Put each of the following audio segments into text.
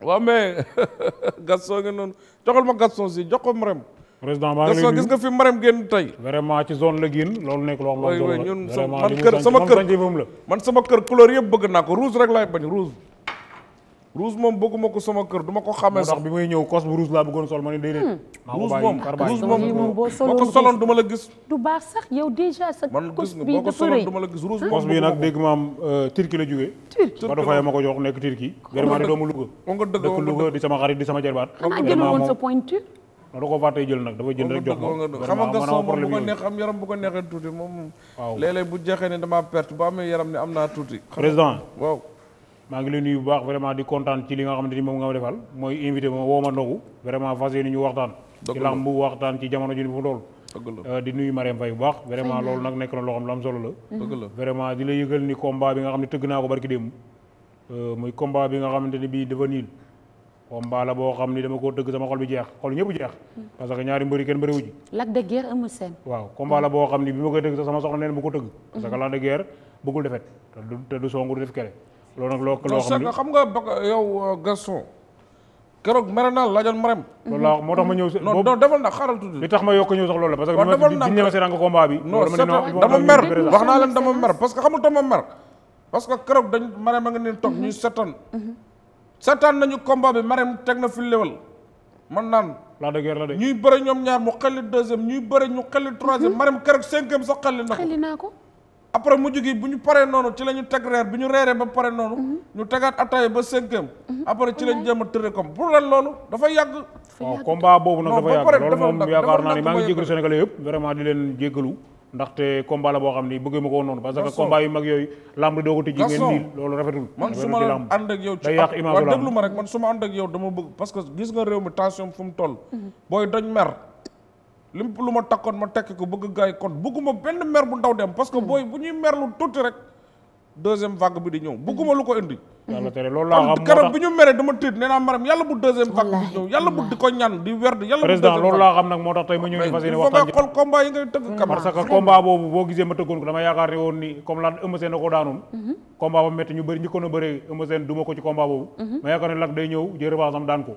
waaw mais Gaston nga noonu joxal ma Gaston si jox ko Marème. président maa ngi Gaston gis nga fi Marème génn tey. vraiment ci zone la génn loolu nekk loo xam ne zone la ñun sama man kër sama kër man sama kër couleur yëpp bëgg naa ko rouge rek laay bañ rouge. rouge moom bëgguma ko sama kër duma ko xamee sax bi may ñëw kos bu laa bëggoon sol ma ni déedéet hmm. rouge moom rouge la gis du baax sax hmm? euh, ba dafay ma ko jox nekk turki vraiment di doomu ah, da ko fàttee jël nag dafa jël rek jox ma tuuti moom léeg-léeg bu jeexee ne dama perte bu amee yaram ne am naa tuuti président maa ngi leen nuyu bu baax vraiment di kontaan ci li nga xamante ni moom nga ma defal mooy invité ma woo ma ndogu vraiment fas yéene ñu waxtaan ci lamb bu waxtaan ci jamono ji ni fu toll euh, di nuyu Marème Faye bu baax vraiment loolu nag nekk na loo xam lu am mhm. di la yëgal ni combat bi nga xam ne tëgg naa ko barki démb euh, muy combat bi nga xamante ni bii dafa niil combat la boo xam ni dama koo tëgg sama xol bi jeex xol ñëpp jeex mhm. parce que ñaari mbëri kenn bëri wu ji Lac de Guiers Eumeu mhm. boo xam ni bi ma koy tëgg sax sama ko tëgg parce que Lac de loolu nag loo ko loo xam ne xam nga ba yow euh, Gaston keroog mere naa la laajoon laa moo tax ma ñëw si. non non defal na xaaral tuuti. li tax ma yokk ñëw sax loolu la parce que. waaw defal na bi ñu ne ma dama mer parce que xamul dañ marem a nga leen toog ñuy seetaan. seetaan nañu combat bi marem teg na fi léwal man naan. la de guerre la de ñuy bëre ñoom ñaar mu xelli deuxième ñuy bëre ñu xelli troisième. Mhm. marem keroog cinquième sax xelli na ko xelli naa ko. après mujj gi bu ñu paree noonu ci la ñu teg reer bi ñu reeree ba pare noonu. ñu tegaat ataaya ba cinquième. après ci lañ jéem a comme pour lan loolu dafa yàgg. waaw combat boobu nag dafa yàgg loolu moom yaakaar naa ni maa ngi jégalu Sénégalais yëpp vraiment di leen jégalu. ndaxte combat la boo xam ni bëggee ma ko woon noonu parce que combat yu mag yooyu lamb di doo ko tijji ngeen nii loolu rafetul man su ma yow ci waaw déglu ma ma ànd ak yow dama bëgg parce que gis nga réew mi fu mu toll mm-hmm. booy doñ mer lépp lu ma takkoon ma tekki ko bëgg gaay kon bëgguma benn mer bu ndaw dem parce booy bu ñuy mer lu rek deuxième vague bi di ñëw bëgguma lu ko indi. yàlla tere loolu laa xam nag moo tax tey ma ñëw ñu fas yéene waxtaan xool combat yi ngay tëgg kam parce que combat boobu boo ko dama yaakaar ne woon ni comme lan Eumeu Sène na ko daanoon mhm. combat ba métti ñu bëri njëkkoon a bëree Eumeu Sène duma ko ci combat boobu mhm. ma yaakaar ne lak day ñëw jël revanche am daan ko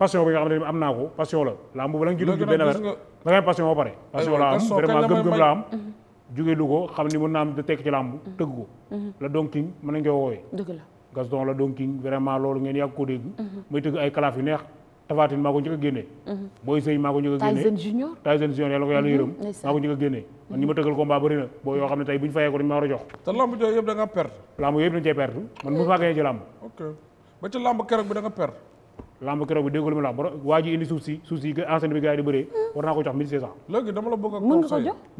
passion bi nga xam ne am naa ko passion la lamb bu la nga ci dugg benn weer da ngay passion ba pare passion la am vraiment gëm-gëm la am jóge lu ko xam ni mën naa am da tekk ci lamb mm-hmm. tëgg ko mm-hmm. la Don mën nañ koy woowee Gaston la Don King mm-hmm. maa ko njëkk a génnee Boy maa ko njëkk a génnee Tyson fayee ko dañ ma war te lamb jooyu yëpp da perte lamb keroog bi da perte lamb keroog bi déggoo lu ma la wax waa ji indi suuf si suuf si enceinte bi gars yi di bëree hmm. war naa ko jox 1500. léegi dama la bëgg a conseil hmm.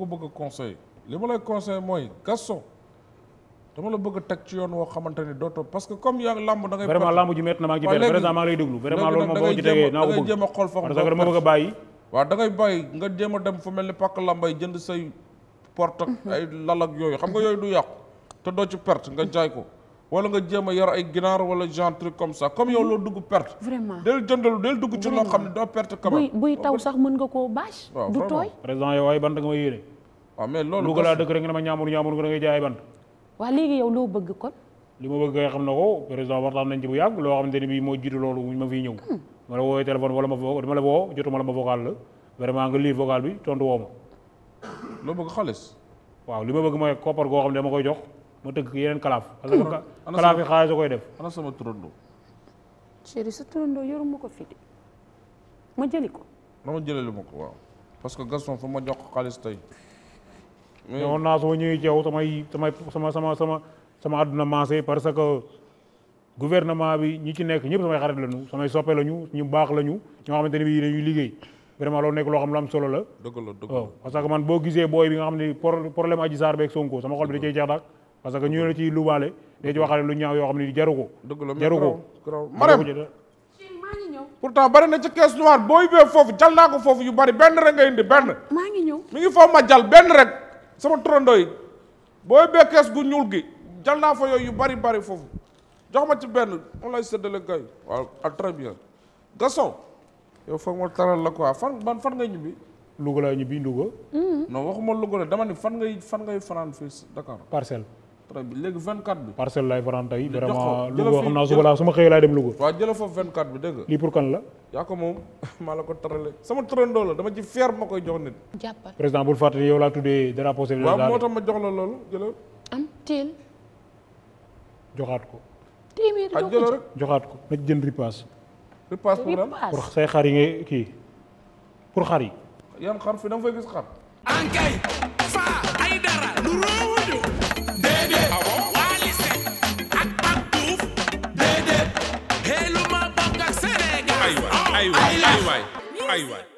ko bëgg conseil li ma lay conseil mooy Gaston dama la bëgg a teg ci yoon woo xamante ni dootoo parce que comme yaa lamb da ngay vraiment lamb ji métti na maa ci benn président lay déglu vraiment loolu moom boo ci a a bàyyi a dem foo mel ni pàkk lambay jënd say porte ak mhm. ay lal ak yooyu xam nga yooyu du yàqu te doo ci perte nga jaay ko wala nga jéem a yor ay ginaar wala genre comme ça comme yow loo dugg perte. vraiment del jëndalu del dugg ci loo perte. buy taw sax mën nga koo bâche. du tooy président yow ay bant nga ma yéene. waaw ah, mais loolu Louga laa dëkk rek nga ma ñaamur ñaamur nga da ngay jaay ay bant. li ma bëgg xam na ko président nañ ci bu yàgg loo xamante bii moo jiitu loolu ma fiy ñëw. Hmm. ma la woowee téléphone wala ma fo dama la woo jotuma la ma vocal la vraiment nga lire vocal bi tontu woo ma. loo bëgg xaalis. waaw li ma bëgg mooy koppar goo xam ne dama koy jox ma tëgg yeneen kalaaf. Hmm. parce que kalaaf yi xaalis da koy def. ana sama turando. chéri sa turando yoruma ko fii de ma jëli ko. ma jëlee ma ko waaw. parce que Gaston fa ma jox xaalis tey. mais woon naa soo ñëwee ci yow samay samay sama sama sama sama àdduna que gouvernement bi ñi ci nekk lañu samay soppe lañu ñu baax lañu ñoo xamante ne bii dañuy liggéey vraiment loolu nekk loo xam lu am solo la. dëgg parce que man boo gisee booy bi nga xam ne problème Adji Sarr beeg Sonko sama xol bi da cee jeex daal. parce que ñu la ciy lubaale day ci waxaale lu ñaaw yoo xam ne jaru ko. dëgg la jaru ko Marème maa ngi ñëw. pourtant bari na ci caisse noire boo yóbbee foofu jal naa ko foofu yu bari benn rek nga indi benn. maa ngi ñëw mi ngi foofu ma jal benn rek sama turandoo yi boo yóbbee caisse gu ñuul gi jal naa fa yooyu yu bari bari foofu jox ma ci benn moom lay séddale gay waaw très bien Gaston yow foog ma taral la quoi fan ban fan nga ñibbi. Louga laa ñibbi Louga. non waxuma Louga la dama ni fan ngay fan ngay fanaan fii Dakar. parcelle. très bien léegi 24 bi. parcelle laay faral tey vraiment Louga xam naa suba laa su ma xëyee laay dem Louga. waaw jëla foofu 24 bi dégg lii pour kan la. yaa ko moom maa la ko tarale sama tërëndoo la dama ci fier ma koy jox nit. jàppal président bul fàtte yow laa tuddee drapeau Sénégal. waaw joxaat ko. téeméer ah, jox joxaat ko na jënd ripaas. ripaas pour lan say xar yi nga kii pour xar yi. yan xar fi da nga fay gis xar. ankay fa ay dara. lu Ay waay ay waay ay waay